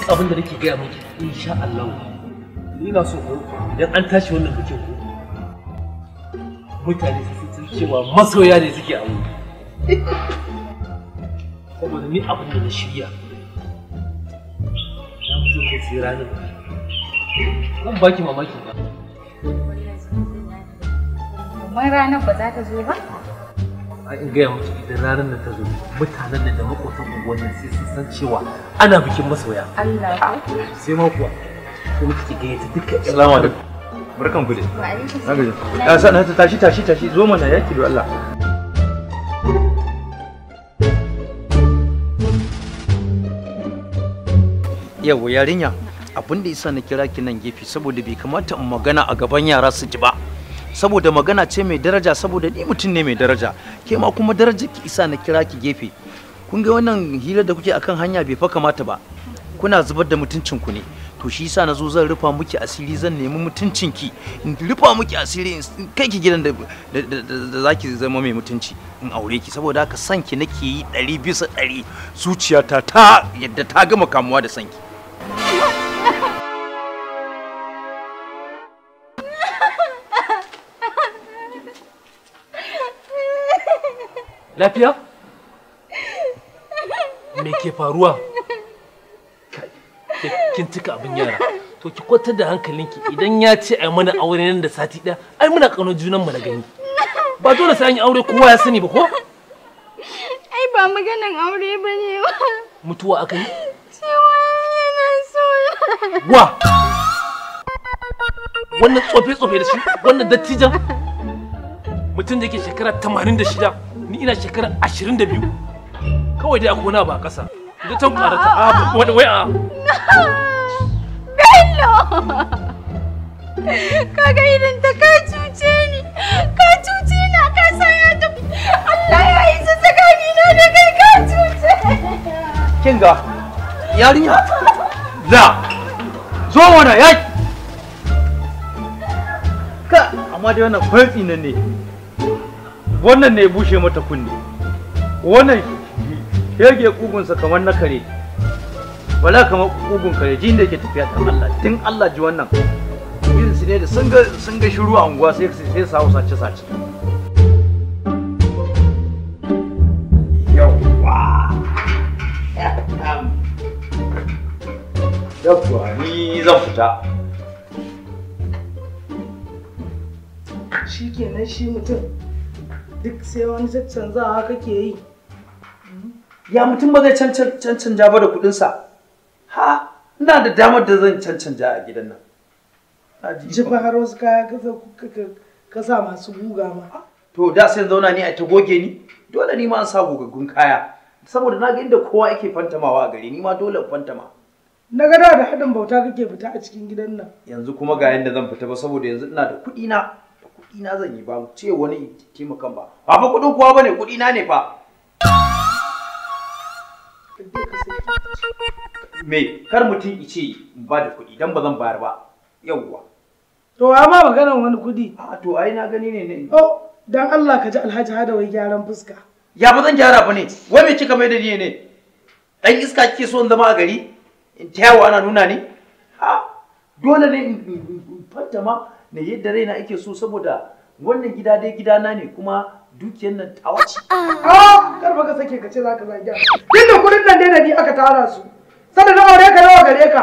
duk abin da nake gaya miki insha Allah ina so ku idan an tashi wannan bikin ko mutane su san cewa masoya ne suke a wuri saboda ni abin da na shirya na so ka sai ranar zan baki mamaki ba. Mai ranar ba za ta zo ba? a in gaya miki idan ranar da ta zo mutanen da da makotan unguwannin sai sun san cewa ana bikin masoya sai ma kuwa kuma kike gayyata duka assalamu alaikum barkan ku dai na ya sa na tashi tashi tashi zo mana yaki do Allah yawa yarinya abin da isa na kira ki nan gefe saboda bai kamata in magana a gaban yara su ji ba saboda magana ce mai daraja saboda ni mutum ne mai daraja ke ma kuma darajar ki isa na kira ki gefe kun ga wannan hirar da kuke akan hanya bai fa kamata ba kuna zubar da mutuncin ku ne to shi yasa nazo zan rufa miki asiri zan nemi mutuncin ki in rufa miki asiri in kai ki gidan da da zaki zama mai mutunci in aure ki saboda haka sanki ki nake yi 100 bisa 100 zuciyata ta yadda ta gama kamuwa da sanki. Lafiya? Me ke faruwa? Kin tuka abin yara. To ki kwatar da hankalinki idan ya ce ai mana aure nan da sati ɗaya, ai muna ƙaunar junan mu na gani. Ba dole sai an yi aure kowa ya sani ba ko? Ai ba maganan aure ba ne ba. Mutuwa aka yi? Cewa yana so. Wa! Wannan tsofe-tsofe da shi, wannan dattijan mutum da yake shekara 86 ni ina shekara 22 kawai dai akwai na ba kasa da tan kwara ta ah, a wani waya bello kaga idan ta ka cuce ni ka cuce na ka saya ya Allah ya yi su ni na da kai ka cuce kin ga yarinya za zo mana yaki ka amma dai wannan kwalfi ne wannan ne bushe mata kunne wannan shege kugunsa kamar na kare wala kamar kugun kare jin da yake tafiya da Allah tun Allah ji wannan irin su ne da sun ga sun ga shiru a unguwa sai sai sa hausa ci saci yawa yawa ni zan fita shi kenan shi mutum duk sai wani canzawa ke yi ya mutum ba zai cancanja ba da kuɗinsa ha ina da damar da zan cancanja a gidan nan ji fa har wasu kaya ka sa masu guga ma to da sai zauna ni a ta goge ni dole ni ma an sa gogaggun kaya saboda na ga inda kowa yake fantamawa a gari ni ma dole fantama na ga da haɗin bauta kake fita a cikin gidan nan yanzu kuma ga yanda zan fita ba saboda yanzu ina da kuɗi na kuɗi na zan yi ba ce wani taimakon ba ba fa kuɗin kowa bane kuɗi na ne fa me kar mutum ice in ba da kuɗi don ba zan bayar ba yawwa to amma maganar wani kuɗi a to ai na gani ne ne oh dan Allah ka ji Alhaji Hadawai gyaran fuska ya ba zan gyara ba ne wai me kika mai da ni ne dan iska kike so in zama a gari in ta yawa ana nuna ni ha dole ne in fanta ma ne yadda raina ake so saboda wannan gida dai gidana ne kuma dukiyar nan ta wace. Ah. Ah, kar ka sake ka ce za ka zagi. Dukkan kuɗin nan dai da ni aka tara su. Sannan na aure ka nawa gare ka.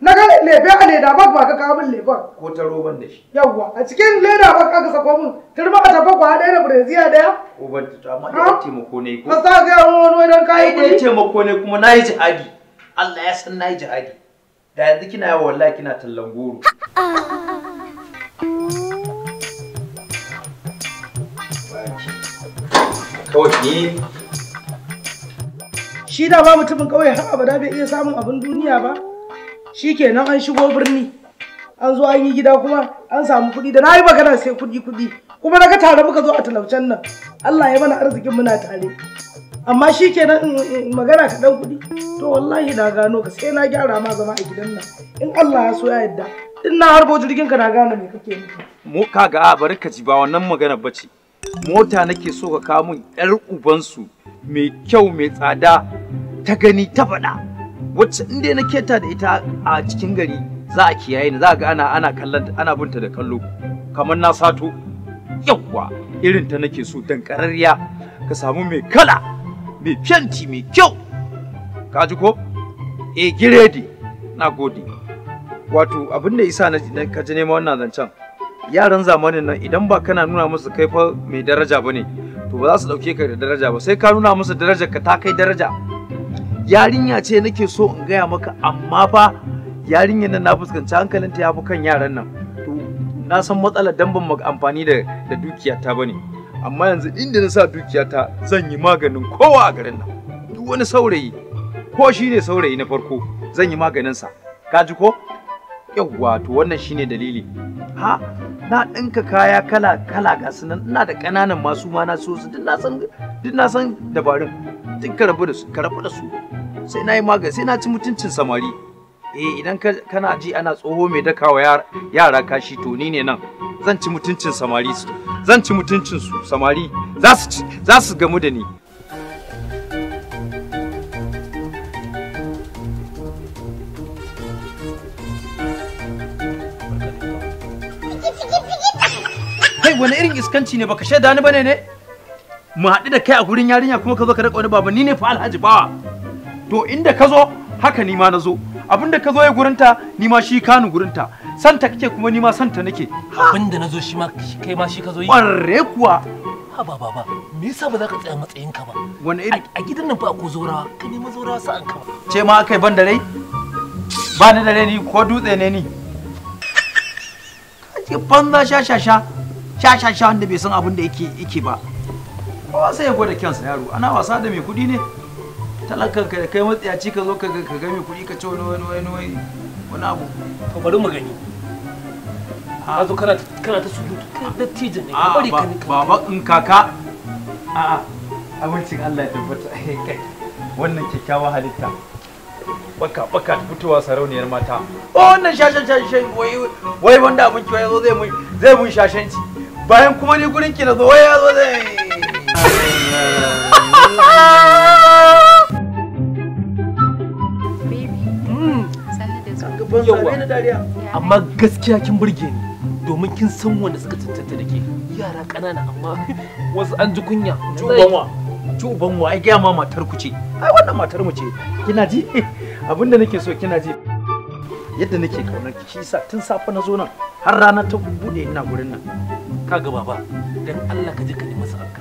Na ga lefe a leda ba ka kawo min lefen. Ko ta roban da shi. Yawwa a cikin leda ba ka sako min turma a tafa kwa ɗaya da bureziya ɗaya. Ko ban ta amma ɗaya taimako ne ko. Ka sa ga yawon wani wani kayi kuɗi. Ɗaya taimako ne kuma na yi jihadi. Allah ya san na yi jihadi. Da yanzu kina yawa wallahi kina tallan goro. Ah. kawai shi da ba mutumin kawai har abada bai iya samun abin duniya ba shi kenan an shigo birni an zo an yi gida kuma an samu kuɗi da na yi magana sai kuɗi kuɗi kuma na ka tare muka zo a talaucen nan Allah ya mana arzikin muna tare amma shi kenan magana ka dan kuɗi to wallahi na gano ka sai na gyara ma zama a gidan nan in Allah ya so ya yadda in na harbo jirgin ka na gano me kake nufi mu kaga a bari ka ji ba wannan magana bace mota nake so ka kawo min yar ubansu mai kyau mai tsada ta gani ta faɗa wacce inda dai na keta da ita a cikin gari za a kiyaye ni za ga ana ana kallon ana binta da kallo kamar na sato yawwa irin ta nake so dan kararriya ka samu mai kala mai fenti mai kyau ka ji ko e giredi na gode wato abin da isa na ka ji neman wannan zancen yaran zamanin nan idan ba kana nuna musu kai fa mai daraja bane to ba za su dauke ka da daraja ba sai ka nuna musu darajar ka ta kai daraja yarinya ce nake so in gaya maka amma fa yarinyar nan na fuskanci ta ya fi kan yaran nan to na san matsalar dan ban amfani da da dukiyata bane amma yanzu inda na sa dukiyata zan yi maganin kowa a garin nan duk wani saurayi ko shi ne saurayi na farko zan yi maganin sa. ka ji ko yawwa to wannan shine dalili ha na ɗinka kaya kala kala ga nan ina da ƙananan masu ma na so su duk na san duk na san dabarun duk ka rabu da su ka rabu da su sai na yi magani sai na ci mutuncin samari eh idan kana ji ana tsoho mai wa yara kashi to ni ne nan zan ci mutuncin samari su zan ci mutuncin su samari za su gamu da ni iskanci ne baka shaida ni bane ne mu haɗu da kai a gurin yarinya kuma ka zo ka rika wani baba ni ne fa alhaji bawa to inda ka zo haka ni ma na zo abinda ka zo ya gurinta ni ma shi kanu gurinta santa kake kuma ni ma santa nake abinda na zo shi ma kai ma shi ka zo yi kware kuwa haba ba me yasa ba za ka tsaya matsayin ka ba wani iri a gidan nan fa ko zorawa ka nema zorawa sa'an ka ce ma kai ban da rai ba ni da rai ni ko dutse ne ni ka ji banza sha sha sha sha sha sha wanda bai san abin da yake yake ba kowa sai ya gwada kyansa yaro ana wasa da mai kuɗi ne talakan ka da kai matsiyaci ka zo ka ga ka mai kuɗi ka ce wani wani wani wani wani abu to bari mu gani ah. a zo kana kana ta surutu kana da tijin ne ka ah, bari ka baba in kaka a a abincin Allah ya tabbata kai wannan kyakkyawa halitta baka baka ta fitowa sarauniyar mata oh wannan shashan shashan wai wai wanda abinci wai zo zai mun zai mun shashanci bayan kuma ni gurin ki na zo ya zo zai hmm. amma gaskiya kin burge ni domin kin san wanda suka cancanta da ke yara ƙanana amma wasu an ji kunya tubanwa tubanwa ai gaya ma matar ku ce ai wannan matar mu ce kina ji abinda nake so kina ji yadda nake kaunar ki shi sa tun safe na zo nan har rana ta bude ina gurin nan kaga baba dan Allah ka je ka nemi sa'anka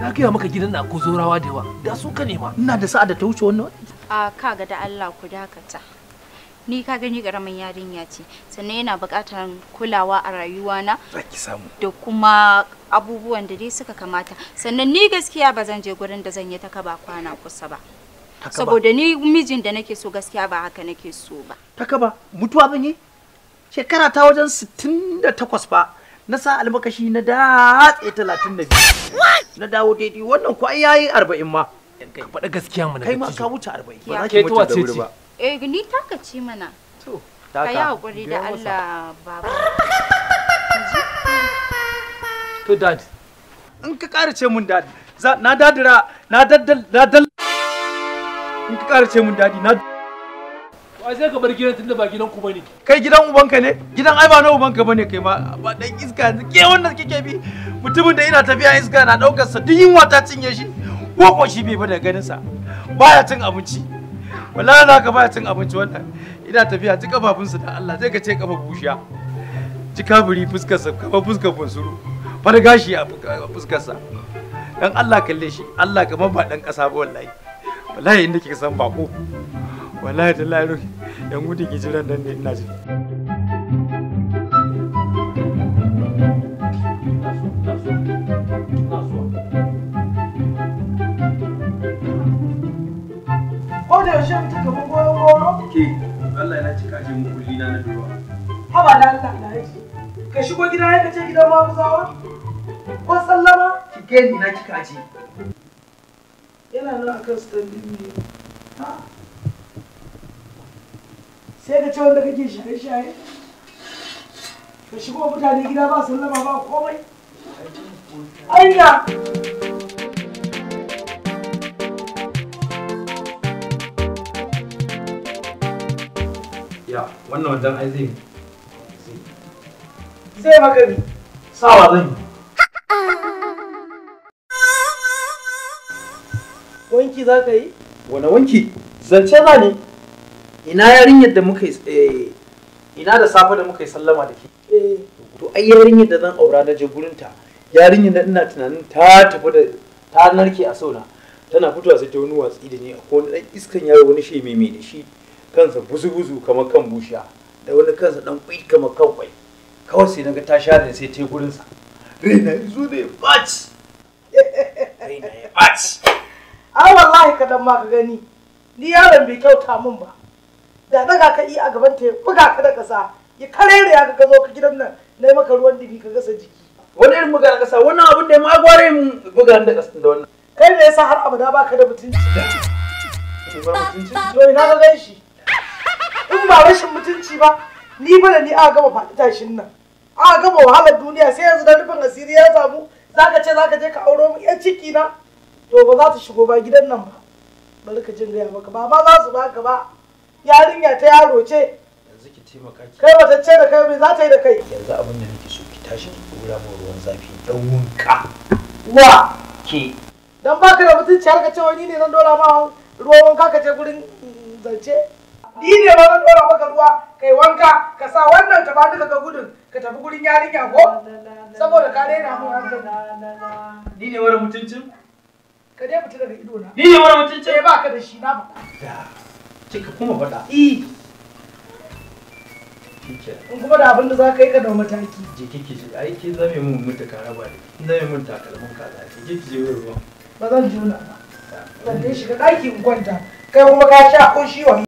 na gaya maka gidan na ko zorawa da yawa da su ka nema ina da sa'a da ta wuce wannan a kaga da Allah ku dakata ni ka gani karamin yarinya ce sannan yana buƙatar kulawa a rayuwa na da kuma abubuwan da dai suka kamata sannan ni gaskiya ba zan je gurin da zan yi ta kaba kwana kusa ba saboda ni mijin da nake so gaskiya ba haka nake so ba ta kaba mutuwa ban yi shekara ta wajen 68 ba. na sa almakashi na datse talatin da biyu na dawo daidai wannan ko ya yayi arba'in ma ka faɗa gaskiya mana kai ma ka wuce arba'in ba za ki mutu da wuri ba eh ni taka ce mana to yi kai hakuri da Allah baba to dad in ka ƙara ce mun dad na dadira na daddal na dal in ka ƙara ce mun dadi na Wai sai ka bar gidan tunda ba gidan ku bane. Kai gidan ubanka ne? Gidan ai ba na ubanka bane kai ma. Ba dan iska yanzu ke wannan kike bi. Mutumin da ina tafiya iska na daukar sa duk yunwa ta cinye shi. Ko ko shi bai ba da ganin sa. Baya cin abinci. Wallahi za ka baya cin abinci wannan. Ina tafiya ji sa da Allah zai ka ce kafa bushiya. Ji kaburi fuskar sa kafa fuskar bunsuru. Far gashi a fuskar sa. Dan Allah kalle shi. Allah kamar ba dan kasa ba wallahi. Wallahi inda kika san ko. wallahi tallahi ruhi yan gudun hijiran nan ne ina ji ko da yaushe mutum ka bugo goro ke wallahi na cika je mu kulli na na duwa haba da Allah na yaji ka shigo gida ya kace gidan ma kusawa ko sallama ki gani na kika je yana nan akan standing ne ha sai ka ci wanda kake kai shaye eh? ka shigo mutane gida ba sallama ba komai anya ya wannan wajen ai zai sai magani sawa zan yi wanki za ka yi wani wanki zance za ne ina yarinyar da muka eh, ina da safe da muka yi sallama da ke eh. to ai yarinyar da zan aura na je gurin ta yarinyar da ina tunanin ta tafi da ta narke a sauna tana fitowa sai ta wani watsi da ni a wani dan iskan yaro wani shi mai da shi kansa buzu buzu kamar kan bushiya da wani kansa dan kwai kamar kan kwai kawai sai naga ta ne sai ta yi gurin sa raina zo ne baci raina ya baci wallahi kadan ma ka gani ni yaron bai kyauta min ba da daga ka yi a gaban ta buga ka da kasa ya karere ya ka zo ka gidan nan na yi maka ruwan dibi ka gasa jiki wani irin buga kasa wannan abin da ya magware mu buga da kasa da wannan kai me yasa har abada baka da mutunci to ina ka gan shi in ba rashin mutunci ba ni ba da ni a gama faɗi tashin nan A gama wahalar duniya sai yanzu da rufin asiri ya samu zaka ce zaka je ka auro mu yan ciki na to ba za ta shigo ba gidan nan ba bari ka jin gaya maka ba ba za su baka ba yarinya ta yaro ce yanzu ki taimaka ki kai wata ce da kai me za ta yi da kai yanzu abin da nake so ki tashi ki dora mu ruwan zafi dan wunka wa ke dan baka da mutunci har ka ce wani ne zan dora ma ruwan wanka ka je gurin zance ni ne ba zan dora maka ruwa kai wanka ka sa wannan ta ba ka gudun ka tafi gurin yarinya ko saboda ka daina mu hankali ni ne wani mutuncin ka dai fita daga ido na ni ne wani mutuncin eh, ba ka da shi na ba sai kuma faɗa i kuma da abin da za ka yi ka dau mataki je kike je ai ke zame mun mutu ka raba ne zame mun takalmin kaza ki je ki je ruwa ba zan jona ba zan dai shiga ɗaki in kwanta kai kuma ka ci a ƙoshi wa